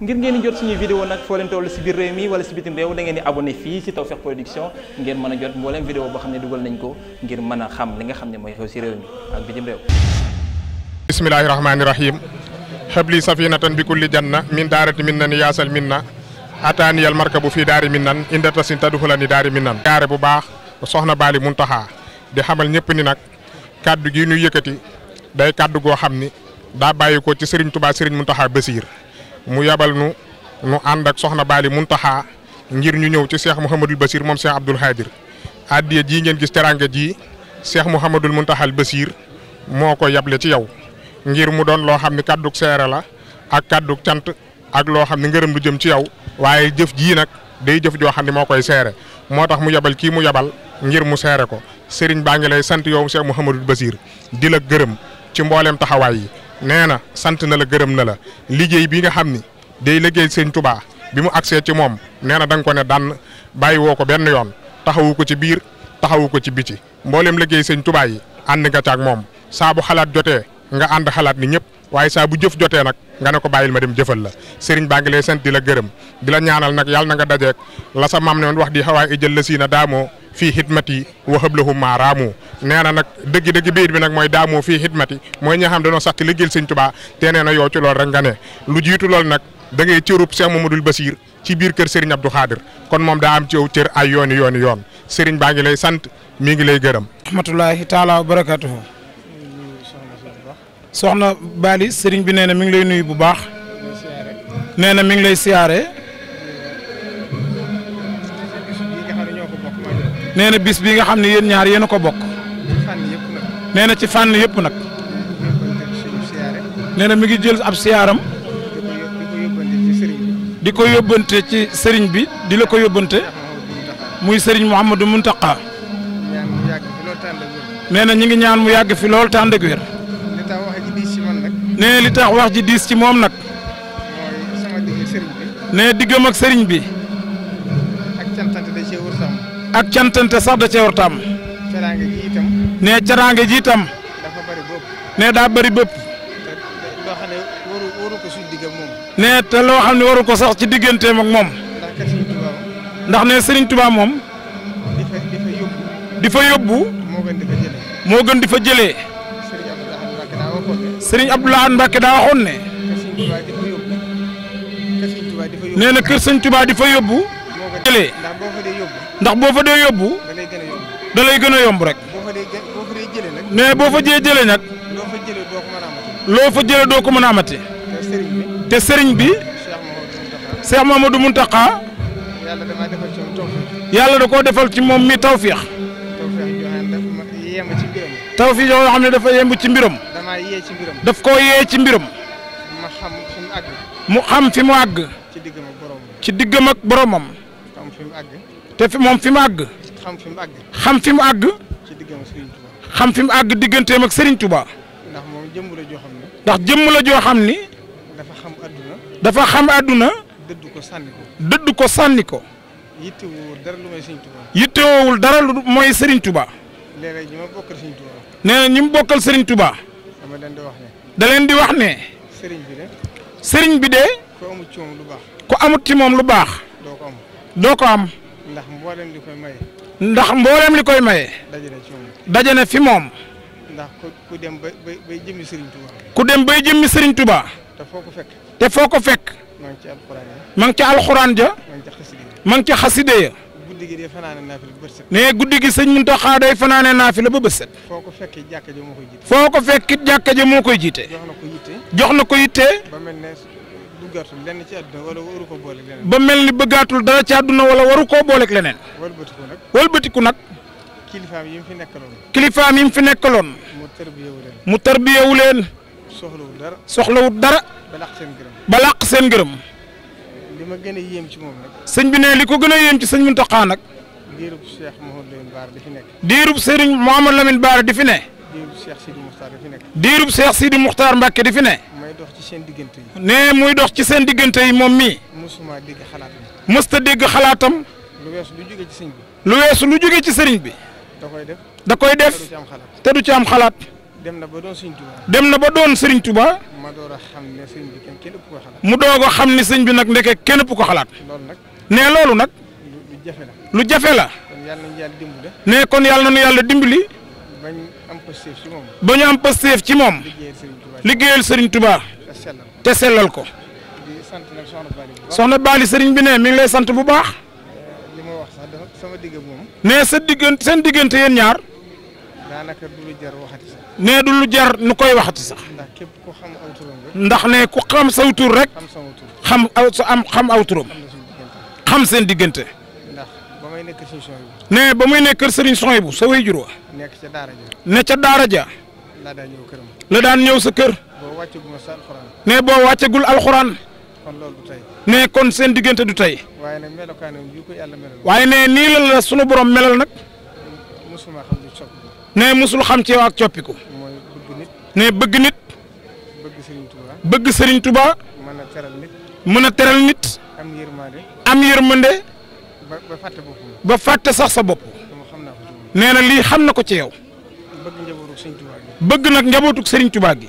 ngir ngeen di jot suñuy vidéo nag foo leen toll si biir réew mi wala si bitim réew da ngeen di abonné fii si Tawfekh Production ngeen mën a jot mbooleem vidéo boo xam ne dugal nañ ko ngir mën a xam li nga xam ne mooy xew si réew mi ak bitim réew bismillahi rahmani rahim xabli safinatan bi kulli janna min daarati min nan yaasal min na ataaniyal markabu fii daari min nan inda tasin taduxulani daari min nan jaare bu baax soxna baali muntaxaa di xamal ñëpp ni nag kàddu gi ñu yëkkati day kàddu goo xam ni daa bàyyi ko ci sëriñ tubaa sëriñ muntaxaa basiir mu yabal nu nu ànd ak soxna Bali Muntaxa ngir ñu ñëw ci seex Mouhamadul Basir moom seex Abdul Xaadir addiya jii ngeen gis teraanga ji seex Mouhamadul Muntaxal basiir moo ko yable ci yow ngir mu doon loo xam ne kàddug seere la ak kàddug cant ak loo xam ne ngërëm lu jëm ci yow waaye jëf jii nag day jëf joo xam ne moo koy seere moo tax mu yabal kii mu yabal ngir mu seere ko sëriñ baa ngi lay sant yow seex Mouhamadul Basir di la gërëm ci mboolem taxawaay yi. nee na sant na la gërëm na la liggéey bi nga xam ni day liggéey sëñ tubaa bi mu agsee ci moom nee na da nga ko ne daan bàyyi woo ko benn yoon taxawu ko ci biir taxawu ko ci biti mboolem liggéey sëñ tubaay yi ànd nga ca moom saa bu xalaat jotee nga ànd xalaat ni ñëpp waaye saa bu jëf jotee nag nga ne ko bàyyil ma dem jëfal la sëriñ baa ngi lay sant di la gërëm di la ñaanal nag yàlla na nga dajeek la sa maam ne woon wax di xawaay ijël la siina daamoo fii xidmat yi wa xëblahum maaraamu nee na nag dëgg-dëgg biir bi nag mooy daamoo fii xidmati mooy ñi xam dañoo sax ci liggéeyal sëñ Tuubaa te nee na yow ci loolu rek nga ne lu jiitu loolu nag da ngay cërub Cheikh Mamadou Bassir ci biir kër Serigne Abdou Khadir kon moom daa am ci yow cër ay yooni yooni yoon Serigne baa ngi lay sant mi ngi lay gërëm. rahmatulahi taala wa barakatuhu. soxna Bali Serigne bi nee na mi ngi lay nuyu bu baax. na mi ngi lay siyaare. nee na bis bi nga xam ne yéen ñaar yéen a ko bokk. nee na ci fànn yëpp nag nee na mi ngi jël ab siyaaram di ko yóbbante ci sëriñ bi di la ko yóbbante muy sëriñ Mouhamadou Mountakha nee na ñu ngi ñaan mu yàgg fi lool te ànd ak nee li tax wax ji diis ci moom nag nee diggam ak sëriñ bi ak cantante sax da cee war tam ne caraange jiitam itam. dafa bëri bëpp. ne daa bëri bëpp. ne waru ko te loo xam ne waru ko sax ci digganteem ak moom. ndax ne Serigne Touba moom. di fa di fa yóbbu. di moo gën di fa jëlee. sëriñ gën di daa waxoon ne. nee na kër sëñ tubaa di fa yóbbu. jëlee. ndax boo fa dee yóbbu. da lay gën a yomb rek. mais boo fa jee jëlee nag. loo fa jëlee doo ko mën doo ko mën a amati. te sëriñ bi. te sëriñ bi. Cheikh Mamadou Mountakha. yàlla da koo defal ci moom mi tawféex. tawféex yoo xam ne dafa yemb ci mbiram. damaa ci mbiram. daf koo yee ci mbiram. ma xam fi mu àgg. mu xam fi mu àgg. ci diggam ak boromam. ci te moom fi mu àgg. xam fi mu àgg. xam fi mu àgg. xam fi mu àgg digganteem ak Serigne Touba. ndax moom jëmm la joo xam ne. ndax jëmm joo xam ni. dafa xam àdduna. dafa xam àdduna. dëdd ko sànni ko. dëdd ko sànni ko. yittewoowul dara lu mooy Serigne Touba. yittewoowul dara lu mooy Serigne Touba. léeg-léeg ñi ñi mu bokkal Serigne Touba. dama leen di wax ne. da leen di wax ne. Serigne bi de. Serigne bi de. ku amut ci moom lu baax. ku amut ci moom lu baax. doo ko am. doo ko am. ndax mboolem li koy maye. ndax mboolem li koy maye. daje na ci moom daje na fi moom. ndax ku dem bay bay jëmmi Serigne Touba. ku dem bay jëmmi Serigne Touba. te foo ko fekk. te foo ko fekk. ma ngi ci alxuraan ja. ma ngi ci alxuraan ja. ma ngi ci xaside ya. guddi gi day fanaane naafila ba bët set. mais guddi gi sëñ Muntaxa day fanaane naafila ba bët set. foo ko fekk jàkka ja moo koy jiite. foo ko fekk jàkka ja moo koy jiite. jox na ko yitte. jox na ko yitte. ba mel ne duggaatul lenn ci wala waru ko booleeg leneen. ba mel ni bëggaatul dara ci àdduna wala waru koo booleeg leneen. wëlbatiku walbatiku nag. kilifaam yi mu fi nekkaloon. kilifaam yi mu fi nekkaloon. mu tarbiyewu leen. mu tarbiyewu leen. soxlawut dara. soxlawut dara. ba seen gërëm. ba seen gërëm. li ma gën a ci moom nag. sëñ bi ne li ko gën a yéem ci sëñ Muntaxa nag. diirub Cheikh Mouhamadou Lamine Bara di fi nekk. diirub Serigne Mouhamadou Lamine Bara di fi ne. diirub Cheikh Sidi Moukhtar di fi nekk. diirub Cheikh Sidi Moukhtar Mbacke di fi ne. muy dox seen diggante yi. ne muy dox ci seen diggante yi moom mii. mosuma dégg xalaatam. mësta dégg xalaatam. lu weesu lu jóge ci sëñ bi. lu weesu lu jógee ci sëriñ bi. da koy def da koy def te du ci am xalaat. dem na ba doon sëriñ Tuba. dem na ba doon sëriñ Tuba. ma door a xam ko mu doog a xam ne sëriñ bi nag ndeke kenn ku ko xalaat. loolu nag nee loolu nag. lu jafe la lu jafe la. kon yàlla nañu yàlla dimbali. nee kon yàlla nañu yàlla dimbali. ba ñu am pasteef ci moom. ba ñu am pasteef ci moom. liggéeyal sëriñ Tuba. te sellal ko. soxna Bali sëriñ bi ne mi ngi lay sant bu baax. sama digg moom. nee sa diggante seen diggante yéen ñaar. daanaka du lu jar waxati sax. nee du lu jar nu koy waxati sax. ndax képp ku xam aw turam rek. ndax nee ku xam saw tur rek. xam sama tur xam aw sa am xam aw turam. xam seen diggante. ndax ba may nekk sëriñ son bu. nee ba muy nekk sëriñ son bu sa waajur wa. nekk ca daara ja. ne ca daara ja. la daan ñëw këram. la daan ñëw sa kër. boo wàccagul sa alxuraan. boo wàccagul alxuraan. kon loolu du tey. ne kon seen diggante du tey. waaye nag melokaanam yàlla melal. waaye ne nii la la sunu borom melal nag. musuma xam ci ne musul xam ci yow ak coppiku. mooy bëgg nit. ne bëgg nit. bëgg sëriñ Touba. bëgg Serigne mën a teral nit. mën a teral nit. am yërmande. am yërmande. ba fàtte boppam. ba fàtte sax sa bopp. nee na lii xam na ko ci yow. bëgg njabootu Serigne Touba gi. bëgg nag njabootu Serigne tubaa gi.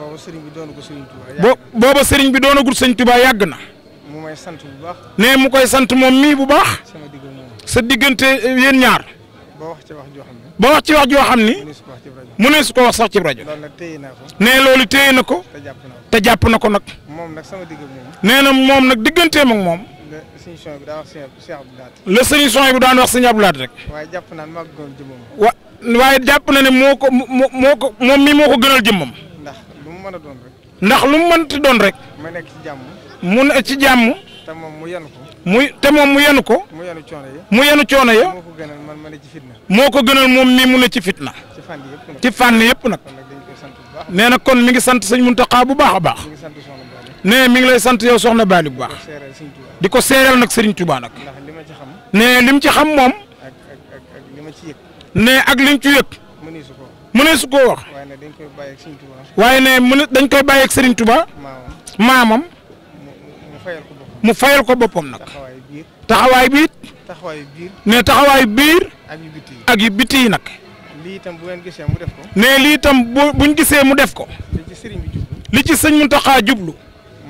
booba sëriñ bi doonagul sëriñ Touba. booba sëriñ bi doonagul sëriñ Touba yàgg na. mu may sant bu baax. nee mu koy sant moom mii bu baax. sa diggante eh, yéen ñaar. ba wax ci wax joo xam ne. ba wax ci wax joo xam ni. mu ne su ko wax sax ci rajo. nee loolu téye na ko. te jàpp na ko nag. nee na moom nag diggantee ak moom. le sëriñ son bu daan wax sëñ Abdou Lahad rek. waaye jàpp na ne moo ko gënal waaye jàpp na ne moo ko moo ko moom mii moo ko gënal jëmmam. mën a doon rek. ndax lu mu mënti doon rek. mu nekk ci jàmm. mu ne ci jàmm. te moom mu yenu ko. muy te moom mu yenu ko. mu yenu coono yi. mu yenu coono yi. moo ko gënal man ma ne ci fitna. moo ko gënal moom mii mu ne ci fitna. ci fànn yëpp nag ci fànn nag. na kon mi ngi sant sëñ Muntaxa bu baax a baax. nee mi ngi lay sant yow soxna Baali bu baax. di ko seeral nag Serigne Touba nag. nee li ci xam moom. nee ak li ci yëg. mu ne su koo wax. waaye ne dañ koy bàyyi ak waaye ne mu ne dañ koy bàyyi ak Serigne Touba. maamam. mu fayal ko boppam. mu fayal ko boppam nag. taxawaay biir. taxawaay biir. taxawaay biir. ne taxawaay biir. ak yu yi ak yu biti yi nag. lii itam bu ngeen gisee mu def ko. ne lii itam bu buñ gisee mu def ko. li ci Serigne bi jublu. li ci sëñ Mountakha jublu.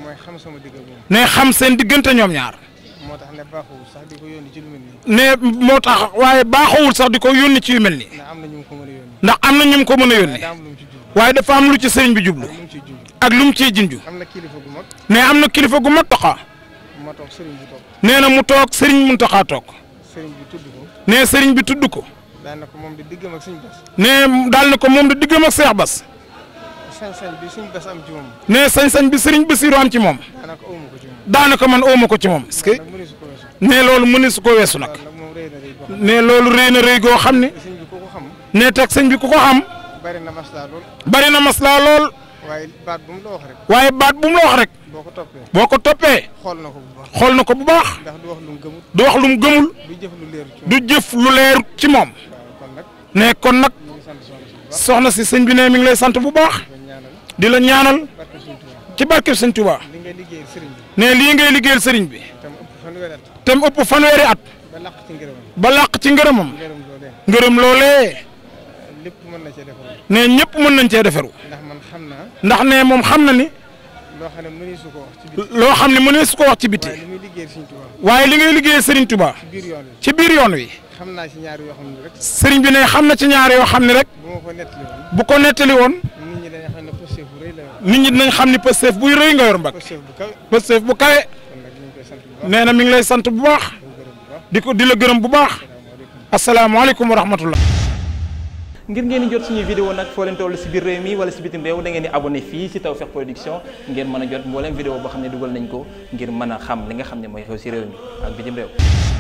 mooy xam sama diggante ñoom. ne xam seen diggante ñoom ñaar. moo tax ne baaxul sax ko yónni ci lu mel ne moo tax waaye baaxul sax di ko yónni ci yu mel nii. ndax am na ñu ko mën a yónni. am na ñu ko mën waaye dafa am lu ci sëriñ bi jublu. ak lu mu ciy junju. am na kilifa gu mag. ne am na kilifa gu mag taxa. moo toog sëriñ bi toog. nee na mu toog sëriñ Muntaxa toog. sëriñ bi tudd ko. nee sëriñ bi tudd ko. daal na ko moom di diggam ak sëriñ Bass. daal na ko moom di diggam ak Seex bas sañ-sañ bi sëñ Bass am ci moom. nee sañ-sañ bi sëriñ Bassirou am ci moom. daanaka oomu ko ci man oomu ko ci moom. nee loolu mënees ko weesu nag. nee loolu rëy na rëy goo xam ne. nee teg sëñ bi ku ko xam. bari na mas laa bari na maslaa lool. waaye baat bu la wax rek. waaye baat bu mu la wax boo ko toppee. boo ko toppee. xool na ko bu baax xool na ko bu baax. ndax du wax lu mu gëmul. du wax lu mu gëmul. du jëf lu leerut ci moom du jëf ci moom. kon nag soxna si sëñ bi ne mi ngi lay sant bu baax. di la ñaanal ci barke Sëñ Tuubaa ne lii ngay liggéeyal sëriñ bi tam ëpp fanweeri at ba làq ci ngërëmam ngërëm loolee ne ñëpp mën nañ cee defaru ndax ne moom xam na ni loo xam ne mënee su ko wax ci biti waaye li ngay liggéeyal sëriñ Tuubaa ci biir yoon wi sëriñ bi ne xam na ci ñaar yoo xam ne rek bu ko nettali woon nit ñi nañ xam ni Pastef buy rëy nga yor mbag Pastef bu kawe nee na mi lay sant bu baax di ko di la gërëm bu baax asalaamaaleykum wa rahmatullah ngir ngeen di jot suñu vidéo nag foo leen toll si biir réew mi wala si bitim réew da ngeen di abonné fii si Tawfekh Production ngeen mën a jot mbooleem vidéo boo xam ne dugal nañ ko ngir mën a xam li nga xam ne mooy xew si réew mi ak bitim réew